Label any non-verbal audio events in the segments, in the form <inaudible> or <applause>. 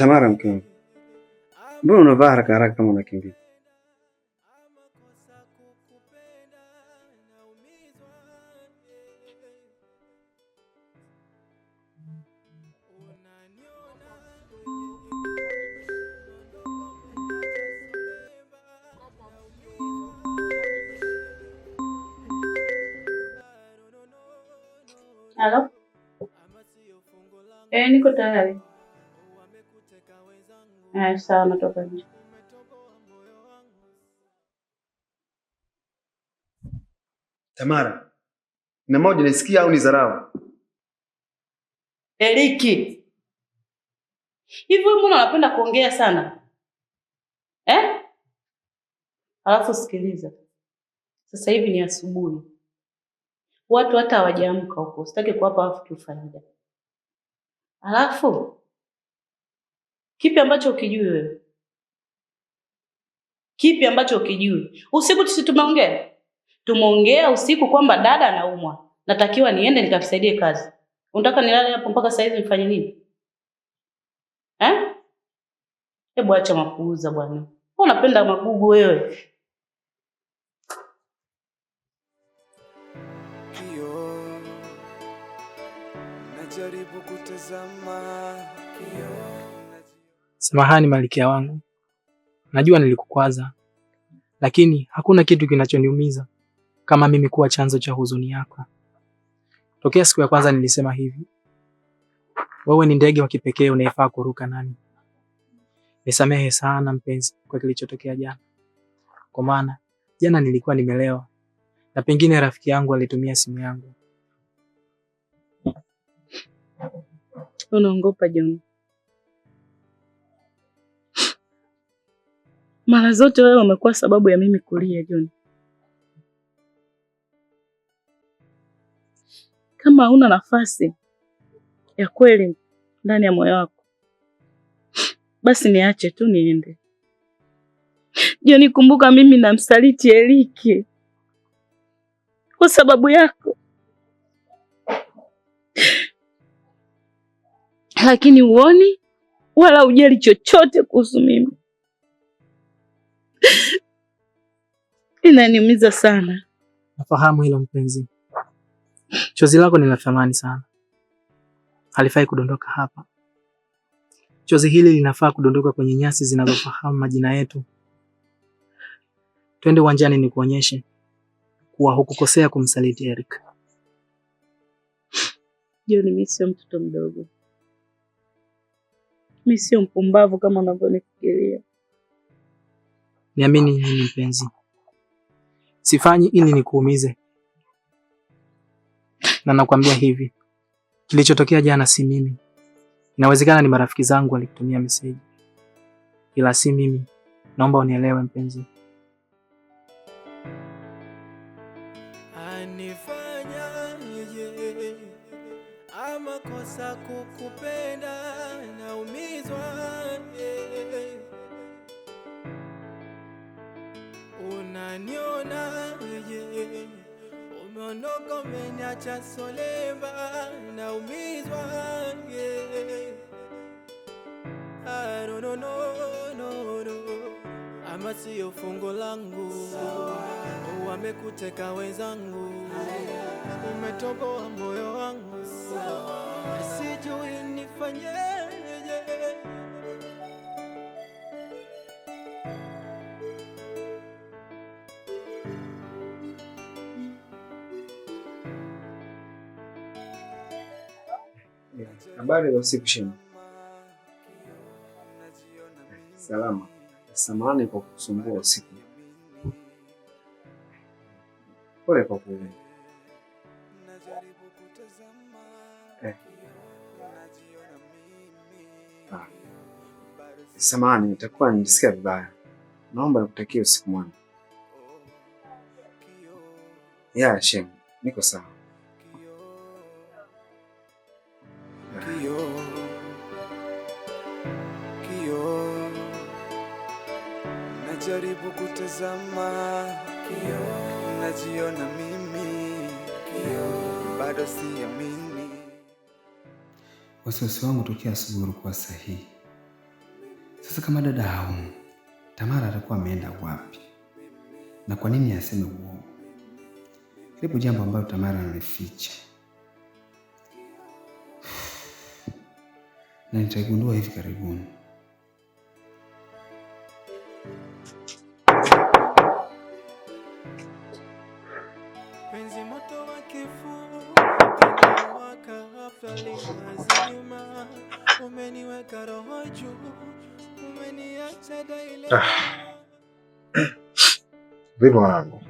Tamara, mke wangu, mbona unavaa haraka haraka kama unakimbia? Halo. Eh, niko tayari. Haya, sawa, natoka nje. Tamara, na moja nisikia au ni dharau? Eliki, hivi mbona unapenda kuongea sana eh? Alafu sikiliza, sasa hivi ni asubuhi, watu hata hawajaamka huko, sitaki kuwapa watu faida, alafu Kipi ambacho ukijui wewe? Kipi ambacho ukijui? Usiku sisi tumeongea, tumeongea usiku kwamba dada anaumwa, natakiwa niende nikamsaidie kazi. Unataka nilale hapo mpaka saa hizi nifanye nini eh? Hebu acha mapuuza bwana, unapenda magugu wewe. Najaribu kutazama kio. Samahani malikia wangu, najua nilikukwaza, lakini hakuna kitu kinachoniumiza kama mimi kuwa chanzo cha huzuni yako. Tokea siku ya kwanza nilisema hivi, wewe ni ndege wa kipekee unayefaa kuruka nami. Nisamehe sana mpenzi kwa kilichotokea jana, kwa maana jana nilikuwa nimelewa na pengine rafiki yangu alitumia simu yangu. Unaogopa John. Mara zote wewe umekuwa sababu ya mimi kulia John. Kama hauna nafasi ya kweli ndani ya moyo wako, basi niache tu niende. John, kumbuka mimi namsaliti Eliki kwa sababu yako, lakini uoni wala ujali chochote kuhusu mimi. <laughs> inaniumiza sana. Nafahamu hilo mpenzi, chozi lako ni la thamani sana, halifai kudondoka hapa. Chozi hili linafaa kudondoka kwenye nyasi zinazofahamu majina yetu. Twende uwanjani nikuonyeshe kuwa hukukosea kumsaliti Eric. Joni, mi sio mtoto mdogo, mi sio mpumbavu kama unavyonifikiria. Niamini mimi mpenzi, sifanyi ili nikuumize, na nakwambia hivi, kilichotokea jana si mimi. Inawezekana ni marafiki zangu walikutumia meseji, ila si mimi. Naomba unielewe mpenzi. Anifanyaje ama kosa kukupenda, naumizwa unaniona yeye, umeondoka umeniacha soleva, naumizwa yeye, no no no no, ama siyo fungu langu, wamekuteka wenzangu, umetoboa moyo wangu, sijui nifanyeje Habari za usiku shemu. Salama. Samahani kwa kusumbua usiku. Pole kwa kuelewa. Eh. Ah. Samahani, nitakuwa nijisikia vibaya. Naomba nikutakie usiku mwema. Ya shemu, niko sawa. Najaribu kutazama kioo, najiona mimi kioo, bado siamini. Wasiwasi wangu tokea asubuhi ulikuwa sahihi. Sasa kama dada haumu, Tamara atakuwa ameenda wapi? Na kwa nini aseme uongo? Lipo jambo ambalo Tamara analificha <sighs> na nitaigundua hivi karibuni. umeniweka roho juu, umeniacha daile. Vipi ah. mwanangu?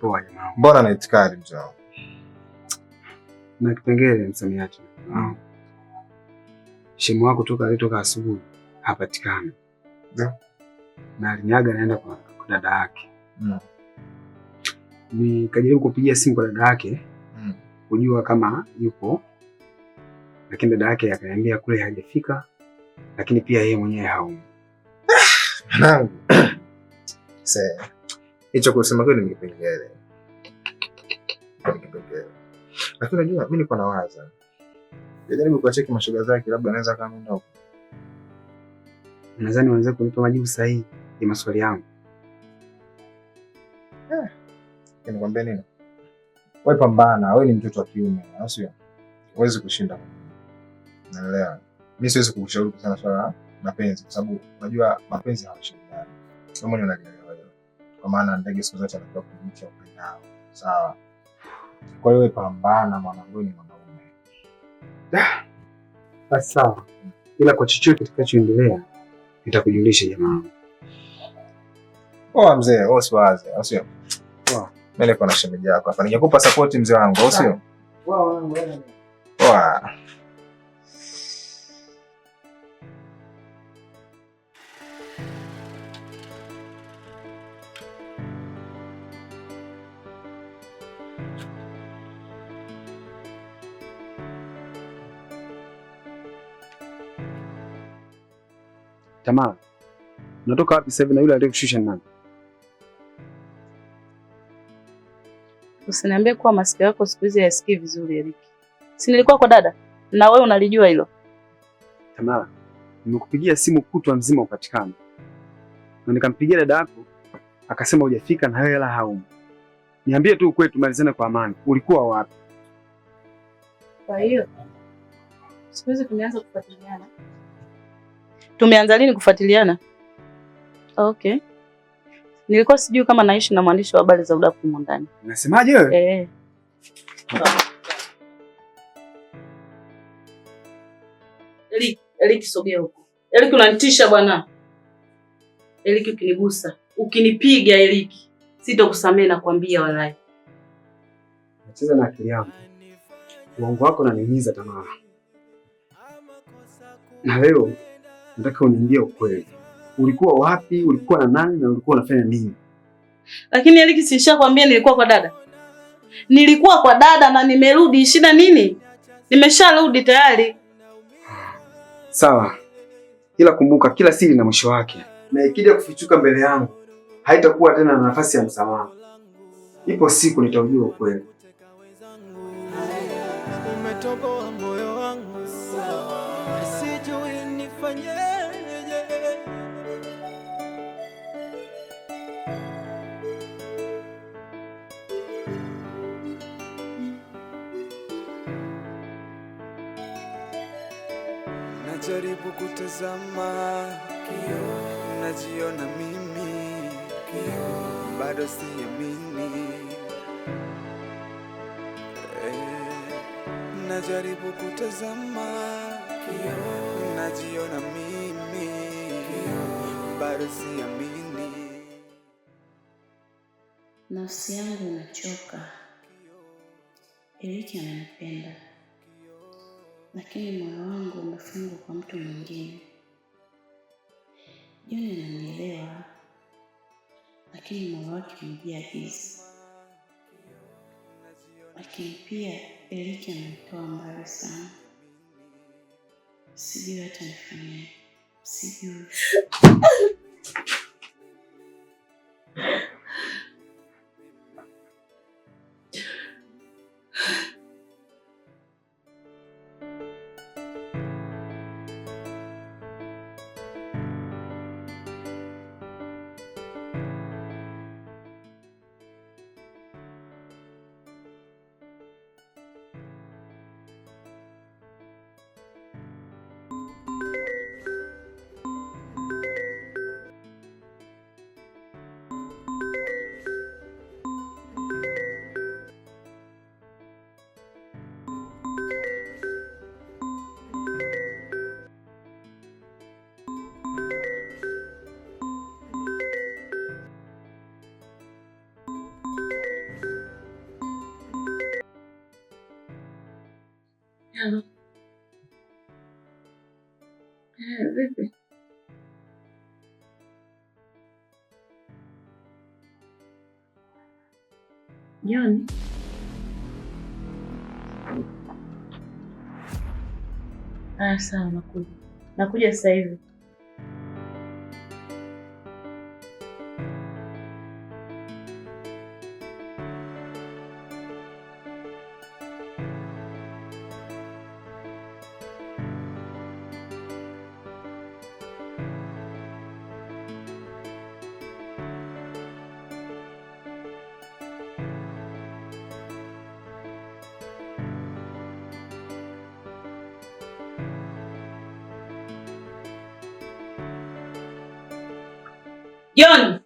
Poa jamaa. Mbona na itikadi mzao? Na kipengele msamiati. Ah. Shemu wako toka alitoka asubuhi hapatikani. Yeah. Na alinyaga naenda kwa dada yake. Mm. Nikajaribu kupigia simu kwa dada yake. Mm. Kujua kama yupo lakini dada yake akaniambia kule hajafika, lakini pia yeye mwenyewe haumi. Ah, mwanangu, sasa <clears throat> hicho kusema kweli ni kipengele, lakini unajua mi niko na waza, jaribu kuwacheki mashoga zake, labda anaweza kama ndogo. Nadhani wanaweza kunipa majibu sahihi ya maswali yangu. Eh, Nikwambia nini? Wewe pambana, wewe ni mtoto wa kiume, sio? Huwezi kushinda. Unaelewa? Mimi siwezi kukushauri sana sana mapenzi kwa sababu unajua mapenzi hayashindani. Kama ni unanielewa hiyo. Kwa maana ndege siku zote anataka kujicha upendao. Sawa. Kwa hiyo pambana mwanangu, ni mwanaume. Da. Basi sawa. Ila kwa chochote kitakachoendelea nitakujulisha jamaa. Poa mzee, wewe usiwaze, au sio? Poa. Mimi niko na shemeji yako hapa. Ningekupa support mzee wangu, au sio? Poa. Poa. Tamara, unatoka wapi sasa hivi na yule aliyekushusha nani? Usiniambie kuwa masikio yako siku hizi hayasikii vizuri Eric. Si nilikuwa kwa dada na wewe unalijua hilo. Tamara, nimekupigia simu kutwa mzima upatikana, na nikampigia dada yako akasema hujafika na wewe la haumo. Niambie tu ukweli, tumalizane kwa amani. Ulikuwa wapi? Kwa hiyo siku hizi tumeanza kufuatiliana. Tumeanza lini kufuatiliana? Okay, nilikuwa sijui kama naishi na mwandishi wa habari za udaku humo ndani. Unasemaje wewe? Eh. Eli, Eli sogea huko. Eli unanitisha bwana. Eli ukinigusa, ukinipiga Eli na kuambia walai. Nacheza na akili yangu, uongo wako unaniumiza tamaa, na leo nataka uniambie ukweli. Ulikuwa wapi? Ulikuwa na nani? Na ulikuwa unafanya nini? Lakini Eliki, sishakwambia nilikuwa kwa dada, nilikuwa kwa dada na nimerudi. Shida nini? Nimesharudi tayari. Sawa, ila kumbuka, kila siri na mwisho wake, na ikija kufichuka mbele yangu haitakuwa tena na nafasi ya msamaha. Ipo siku nitaujua ukweli. Najaribu kutazama kioo, najiona mimi bado siamini. E, najaribu kutazama, najiona mimi bado siamini. Nafsi yangu inachoka. Eriki ananipenda, lakini moyo wangu umefungwa kwa mtu mwingine. Joni ananielewa lakini moyo wake umejaa giza. Lakini pia Eliki ametoa mbali sana, sijui hata nifanyaje, sijui John, aya sawa, nakuja, nakuja sasa hivi. John.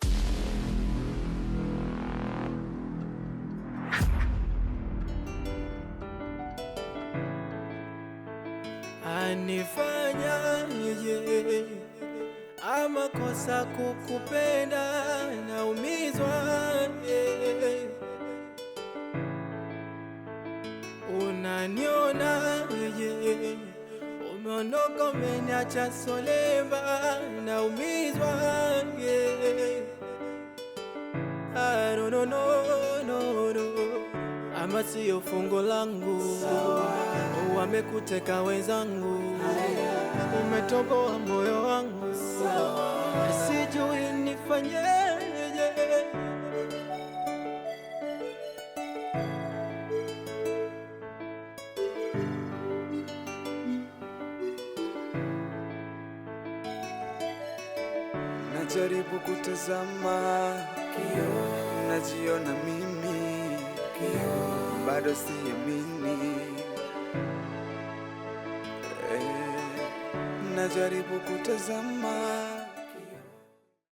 Anifanyaje ama kosa kukupenda, naumizwa unaniona Nimeondoka, umeniacha soleva, naumizwa yeah. Ah, no, no, no, no, no. Ama siyo fungo langu, wamekuteka wenzangu, umetoboa moyo wangu, sijui nifanye Najaribu kutazama kioo, najiona mimi kioo, bado siamini eh, najaribu kutazama